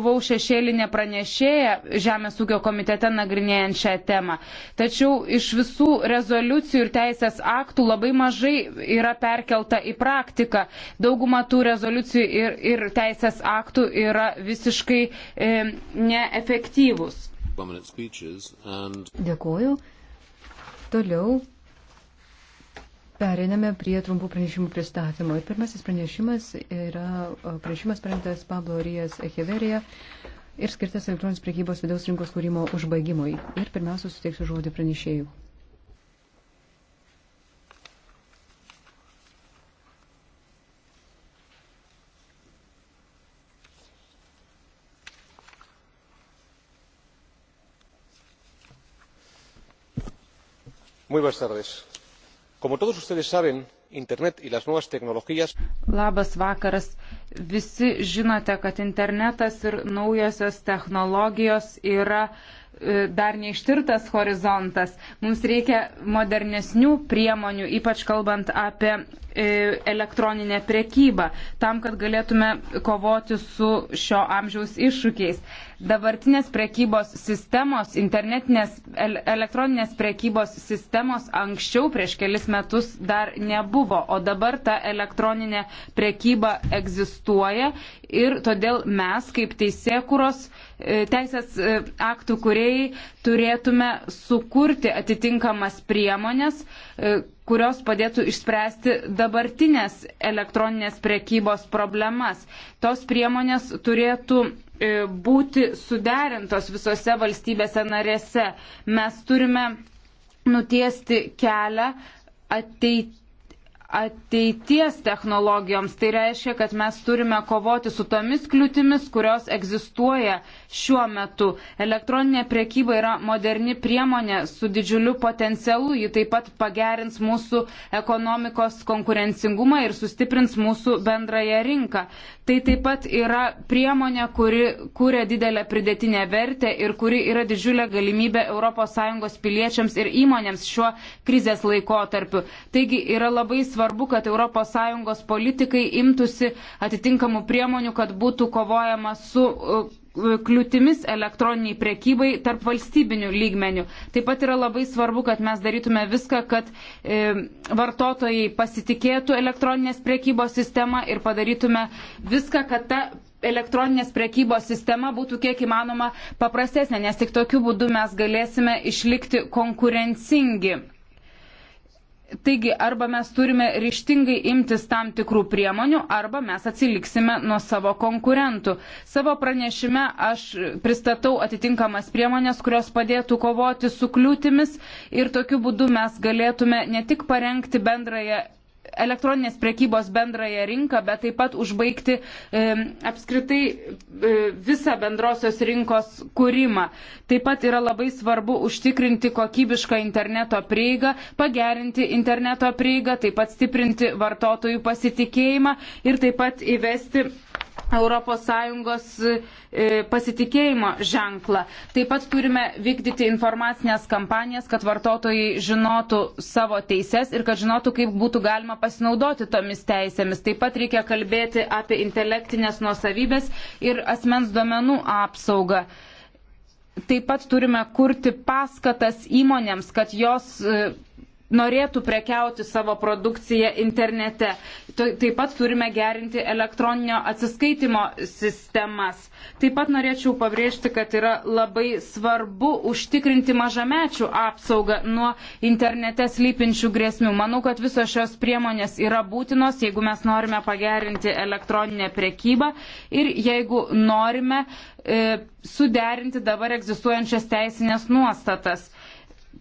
buvau šešėlinė pranešėja Žemės ūkio komitete nagrinėjant šią temą. Tačiau iš visų rezoliucijų ir teisės aktų labai mažai yra perkelta į praktiką. Dauguma tų rezoliucijų ir, ir teisės aktų yra visiškai e, neefektyvus. Dėkuoju. Toliau Periname prie trumpų pranešimų pristatymo. Ir pirmasis pranešimas yra pranešimas parengtas Pablo Rijas Echeverija ir skirtas elektroninės priekybos vidaus rinkos kūrimo užbaigimui. Ir pirmiausia, suteiksiu žodį pranešėjų. Muy buenas tardes como todos ustedes saben internet y las nuevas tecnologías. Labas vakaras. Visi žinote, kad internetas ir naujosios technologijos yra e, dar neištirtas horizontas. Mums reikia modernesnių priemonių, ypač kalbant apie E, elektroninę prekybą, tam, kad galėtume kovoti su šio amžiaus iššūkiais. Dabartinės prekybos sistemos, internetinės elektroninės prekybos sistemos anksčiau prieš kelis metus dar nebuvo, o dabar ta elektroninė prekyba egzistuoja ir todėl mes kaip teisėkuros e, teisės e, aktų kuriejai turėtume sukurti atitinkamas priemonės, kurios padėtų išspręsti dabartinės elektroninės prekybos problemas. Tos priemonės turėtų e, būti suderintos visose valstybėse narėse. Mes turime nutiesti kelią ateit ateities technologijoms. Tai reiškia, kad mes turime kovoti su tomis kliūtimis, kurios egzistuoja šiuo metu. Elektroninė priekyba yra moderni priemonė su didžiuliu potencialu. Ji taip pat pagerins mūsų ekonomikos konkurencingumą ir sustiprins mūsų bendrąją rinką. Tai taip pat yra priemonė, kuri kūrė didelę pridėtinę vertę ir kuri yra didžiulė galimybė ES piliečiams ir įmonėms šiuo krizės laikotarpiu. Taigi yra labai svarbu svarbu, kad ES politikai imtųsi atitinkamų priemonių, kad būtų kovojama su uh, uh, kliūtimis elektroniniai prekybai tarp valstybinių lygmenių. Taip pat yra labai svarbu, kad mes darytume viską, kad e, vartotojai pasitikėtų elektroninės prekybos sistema ir padarytume viską, kad ta elektroninės prekybos sistema būtų kiek įmanoma paprastesnė, nes tik tokiu būdu mes galėsime išlikti konkurencingi. Taigi, arba mes turime ryštingai imtis tam tikrų priemonių, arba mes atsiliksime nuo savo konkurentų. Savo pranešime aš pristatau atitinkamas priemonės, kurios padėtų kovoti su kliūtimis ir tokiu būdu mes galėtume ne tik parengti bendrąją elektroninės priekybos bendrąją rinką, bet taip pat užbaigti e, apskritai e, visą bendrosios rinkos kūrimą. Taip pat yra labai svarbu užtikrinti kokybišką interneto prieigą, pagerinti interneto prieigą, taip pat stiprinti vartotojų pasitikėjimą ir taip pat įvesti ES e, pasitikėjimo ženklą. Taip pat turime vykdyti informacinės kampanijas, kad vartotojai žinotų savo teises ir kad žinotų, kaip būtų galima pasinaudoti tomis teisėmis. Taip pat reikia kalbėti apie intelektinės nuosavybės ir asmens duomenų apsaugą. Taip pat turime kurti paskatas įmonėms, kad jos e, norėtų prekiauti savo produkciją internete. Taip pat turime gerinti elektroninio atsiskaitimo sistemas. Taip pat norėčiau pabrėžti, kad yra labai svarbu užtikrinti mažamečių apsaugą nuo internete slypinčių grėsmių. Manau, kad visos šios priemonės yra būtinos, jeigu mes norime pagerinti elektroninę prekybą ir jeigu norime e, suderinti dabar egzistuojančias teisinės nuostatas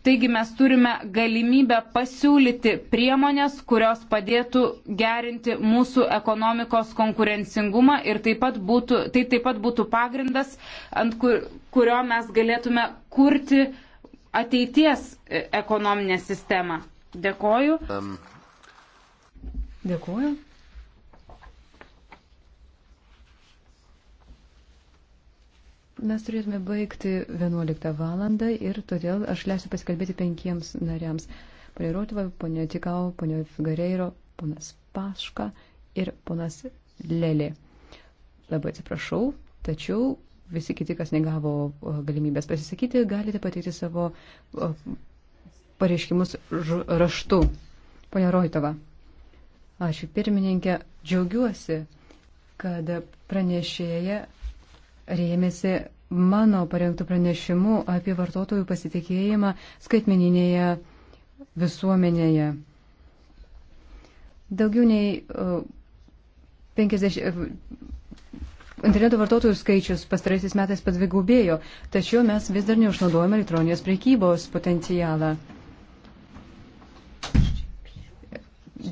Taigi mes turime galimybę pasiūlyti priemonės, kurios padėtų gerinti mūsų ekonomikos konkurencingumą ir taip pat būtų, tai taip pat būtų pagrindas, ant kur, kurio mes galėtume kurti ateities e, ekonominę sistemą. Dėkoju. Um. Dėkoju. Mes turėtume baigti 11 valandą ir todėl aš leisiu pasikalbėti penkiems nariams. Pane Rotovai, ponė Tikau, ponė Figareiro, ponas Paška ir ponas Lelė. Labai atsiprašau, tačiau visi kiti, kas negavo galimybės pasisakyti, galite pateikti savo pareiškimus raštu. Pone Roitova, ačiū pirmininkė, džiaugiuosi, kad pranešėja rėmėsi mano parengtų pranešimų apie vartotojų pasitikėjimą skaitmeninėje visuomenėje. Daugiau nei 50. E, e, interneto vartotojų skaičius pastaraisiais metais padvigubėjo, tačiau mes vis dar neišnaudojame elektroninės priekybos potencialą.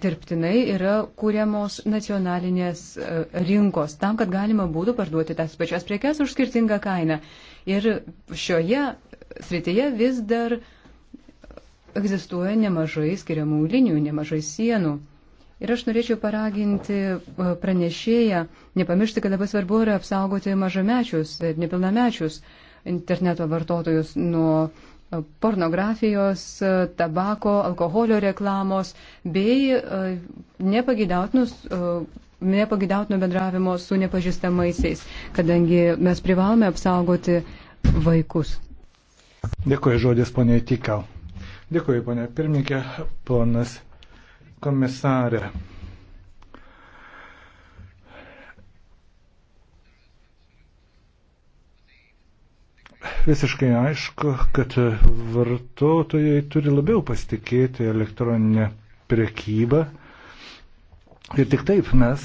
dirbtinai yra kūriamos nacionalinės e, rinkos tam, kad galima būtų parduoti tas pačias prekes už skirtingą kainą. Ir šioje srityje vis dar egzistuoja nemažai skiriamų linijų, nemažai sienų. Ir aš norėčiau paraginti e, pranešėją nepamiršti, kad labai svarbu yra apsaugoti mažamečius ir nepilnamečius interneto vartotojus nuo pornografijos, tabako, alkoholio reklamos bei nepagidautinus nepagidautino e, bendravimo su nepažįstamaisiais, kadangi mes privalome apsaugoti vaikus. Dėkuoju žodis, ponė Tikau. Dėkuoju, ponė pirmininkė, ponas komisarė. visiškai aišku, kad vartotojai turi labiau pasitikėti elektroninę prekybą ir tik taip mes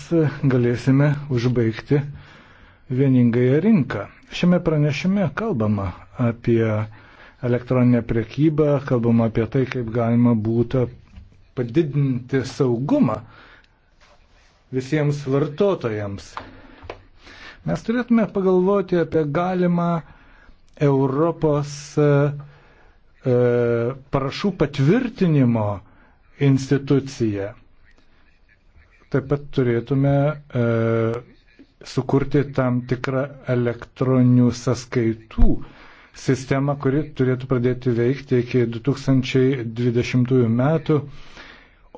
galėsime užbaigti vieningąją rinką. Šiame pranešime kalbama apie elektroninę prekybą, kalbama apie tai, kaip galima būtų padidinti saugumą visiems vartotojams. Mes turėtume pagalvoti apie galimą Europos e, e, parašų patvirtinimo institucija. Taip pat turėtume e, sukurti tam tikrą elektroninių sąskaitų sistemą, kuri turėtų pradėti veikti iki 2020 metų,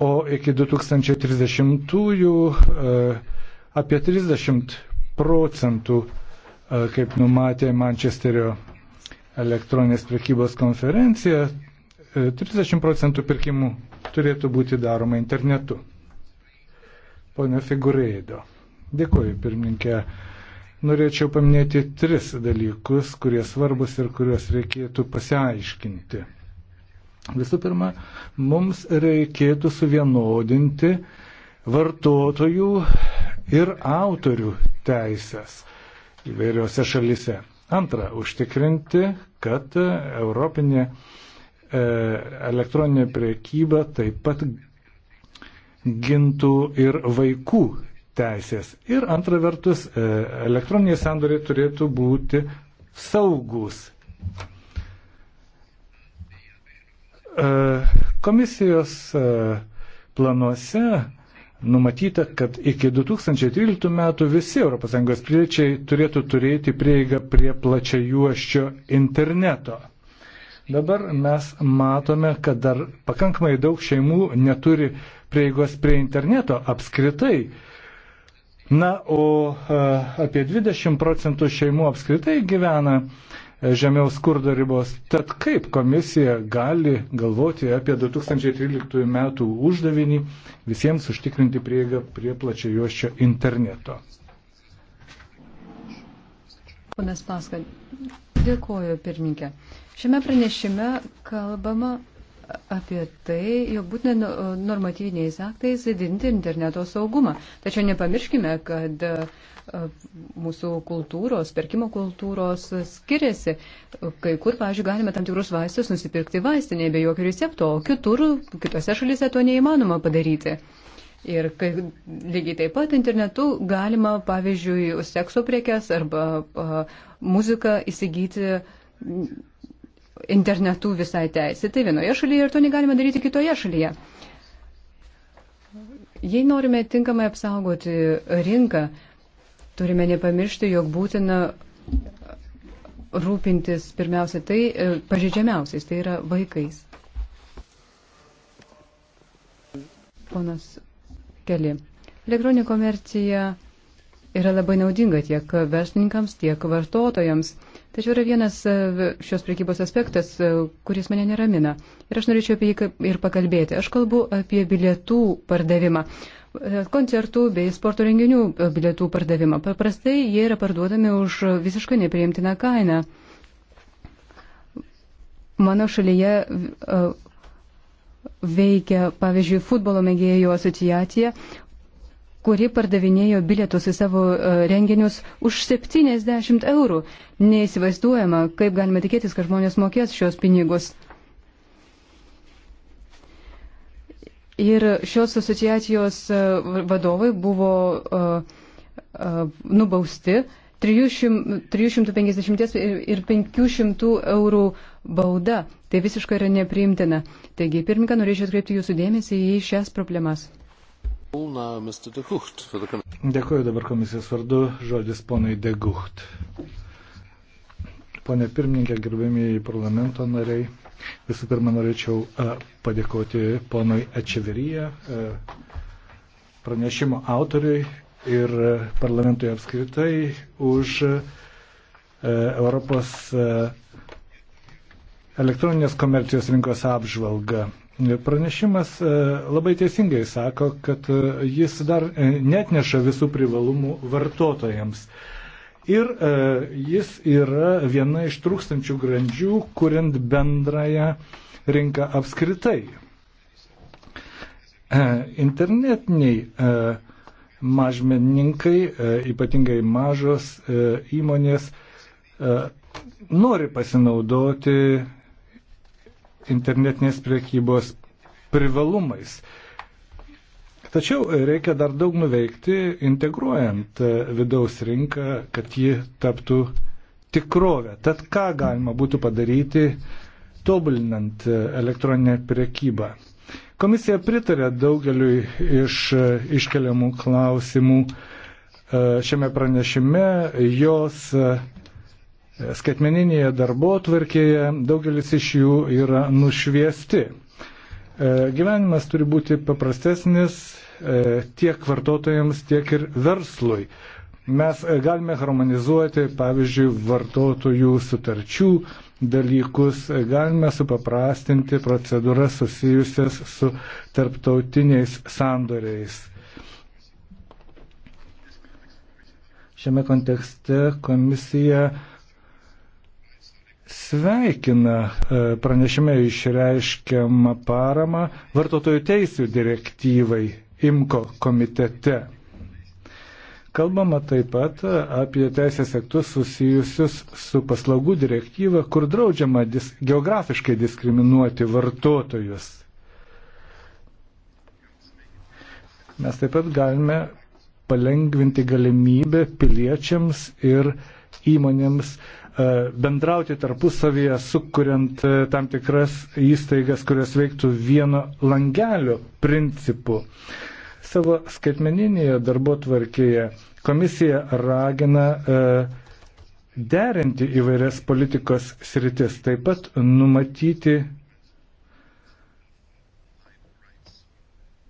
o iki 2030 apie 30 procentų kaip numatė Mančesterio elektroninės prekybos konferencija, 30 e, procentų pirkimų turėtų būti daroma internetu. Pone Figureido, dėkuoju pirmininkė. Norėčiau paminėti tris dalykus, kurie svarbus ir kuriuos reikėtų pasiaiškinti. Visų pirma, mums reikėtų suvienodinti vartotojų ir autorių teisės įvairiose šalise. Antra, užtikrinti, kad europinė e, elektroninė priekyba taip pat gintų ir vaikų teisės. Ir antra vertus, e, elektroniniai sandoriai turėtų būti saugus. E, komisijos planuose numatyta, kad iki 2013 metų visi ES piliečiai turėtų turėti prieigą prie plačiajuoščio interneto. Dabar mes matome, kad dar pakankamai daug šeimų neturi prieigos prie interneto apskritai. Na, o apie 20 procentų šeimų apskritai gyvena uh, žemiau skurdo ribos. Tad kaip komisija gali galvoti apie 2013 metų uždavinį visiems užtikrinti prieigą prie plačio juoščio interneto? Ponas Paskal, dėkoju pirmininkė. Šiame pranešime kalbama apie tai, jog būtent nu, normatyviniais aktais didinti interneto saugumą. Tačiau nepamirškime, kad e, mūsų kultūros, perkimo kultūros skiriasi. Kai kur, pavyzdžiui, galime tam tikrus vaistus nusipirkti vaistinėje be jokio recepto, o kitur, kitose šalise to neįmanoma padaryti. Ir kai, lygiai taip pat internetu galima, pavyzdžiui, sekso prekes arba a, e, muziką įsigyti internetu visai teisė. Tai vienoje šalyje ir to negalime daryti kitoje šalyje. Jei norime tinkamai apsaugoti rinką, turime nepamiršti, jog būtina rūpintis pirmiausia tai e, pažeidžiamiausiais, tai yra vaikais. Ponas Keli. Elektroninė komercija yra labai naudinga tiek verslininkams, tiek vartotojams. Tačiau yra vienas e, šios prekybos aspektas, e, kuris mane neramina. Ir aš norėčiau apie jį ir pakalbėti. Aš kalbu apie bilietų pardavimą. E, koncertų bei sporto renginių bilietų pardavimą. Paprastai jie yra parduodami už visiškai nepriimtiną kainą. Mano šalyje veikia, pavyzdžiui, futbolo mėgėjų asociacija, kuri pardavinėjo bilietus į savo e, renginius už 70 eurų. Neįsivaizduojama, kaip galime tikėtis, kad žmonės mokės šios pinigus. Ir šios asociacijos e, vadovai buvo e, nubausti 350 ir 500 eurų bauda. Tai visiškai yra nepriimtina. Taigi, pirmininką, norėčiau atkreipti jūsų dėmesį į šias problemas. Dėkuoju dabar komisijos vardu, žodis ponai Degucht. Pone pirmininkė, gerbėmėjai parlamento nariai, visų pirma norėčiau e, padėkoti ponui Ečeveryje, pranešimo autoriui ir e, parlamentui apskritai už e, Europos elektroninės komercijos rinkos apžvalgą. Pranešimas e, labai teisingai sako, kad e, jis dar e, net neša visų privalumų vartotojams. Ir jis yra viena iš trūkstančių grandžių, kuriant bendrąją rinką apskritai. Internetiniai mažmeninkai, ypatingai mažos įmonės, nori pasinaudoti internetinės priekybos privalumais. Tačiau reikia dar daug nuveikti, integruojant e, vidaus rinką, kad ji taptų tikrovę. Tad ką galima būtų padaryti, tobulinant e, elektroninę priekybą. Komisija pritarė daugeliu iš e, iškeliamų klausimų šiame pranešime. Jos skaitmeninėje darbo tvarkėje daugelis iš jų yra nušviesti. E, gyvenimas turi būti paprastesnis e, tiek vartotojams, tiek ir verslui. Mes e, galime harmonizuoti, pavyzdžiui, vartotojų sutarčių dalykus, galime supaprastinti procedūras susijusias su tarptautiniais sandoriais. Šiame kontekste komisija uh, sveikina e, pranešime išreiškiamą paramą vartotojų teisų direktyvai IMKO komitete. Kalbama taip pat apie teisės aktus susijusius su paslaugų direktyva, kur draudžiama dis geografiškai diskriminuoti vartotojus. Mes taip pat galime palengvinti galimybę piliečiams ir uh, įmonėms e, bendrauti tarpusavyje, sukuriant e, tam tikras įstaigas, kurios veiktų vieno langelio principu. Savo skaitmeninėje darbo tvarkėje komisija ragina e, derinti įvairias politikos sritis, taip pat numatyti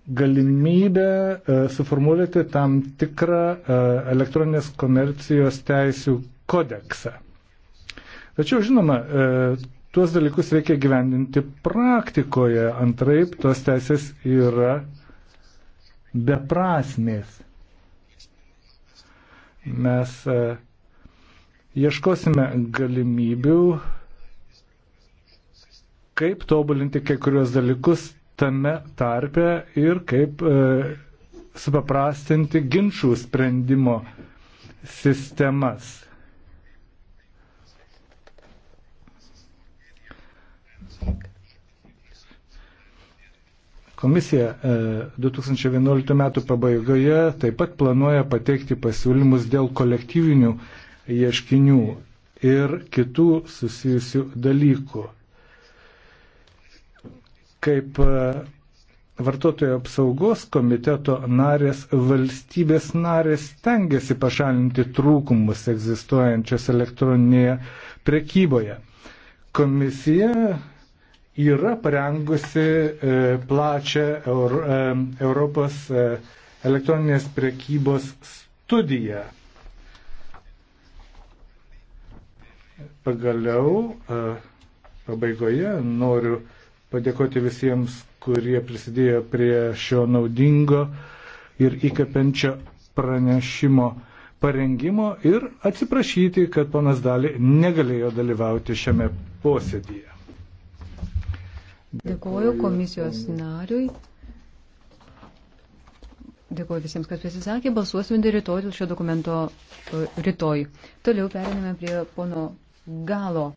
galimybę suformuoluoti tam tikrą elektroninės komercijos teisių kodeksą. Tačiau, žinoma, e, tuos dalykus reikia gyvendinti praktikoje, antraip tos teisės yra beprasmės. Mes e, ieškosime galimybių, kaip tobulinti kai kurios dalykus tame tarpe ir kaip e, supaprastinti ginčių sprendimo sistemas. Komisija 2011 e, m. pabaigoje taip pat planuoja pateikti pasiūlymus dėl kolektyvinių ieškinių ir kitų susijusių dalykų. Kaip e, vartotojų apsaugos komiteto narės valstybės narės tengiasi pašalinti trūkumus egzistuojančios elektroninėje prekyboje. Komisija yra parengusi e, plačią e, Europos e, elektroninės prekybos studiją. Pagaliau, pabaigoje noriu padėkoti visiems, kurie prisidėjo prie šio naudingo ir įkapenčio pranešimo parengimo ir atsiprašyti, kad ponas Dali negalėjo dalyvauti šiame posėdyje. Dėkuoju komisijos nariui. Dėkuoju visiems, kas pasisakė. Balsuosime dėl rytoj, dėl šio dokumento e, rytoj. Toliau periname prie pono galo.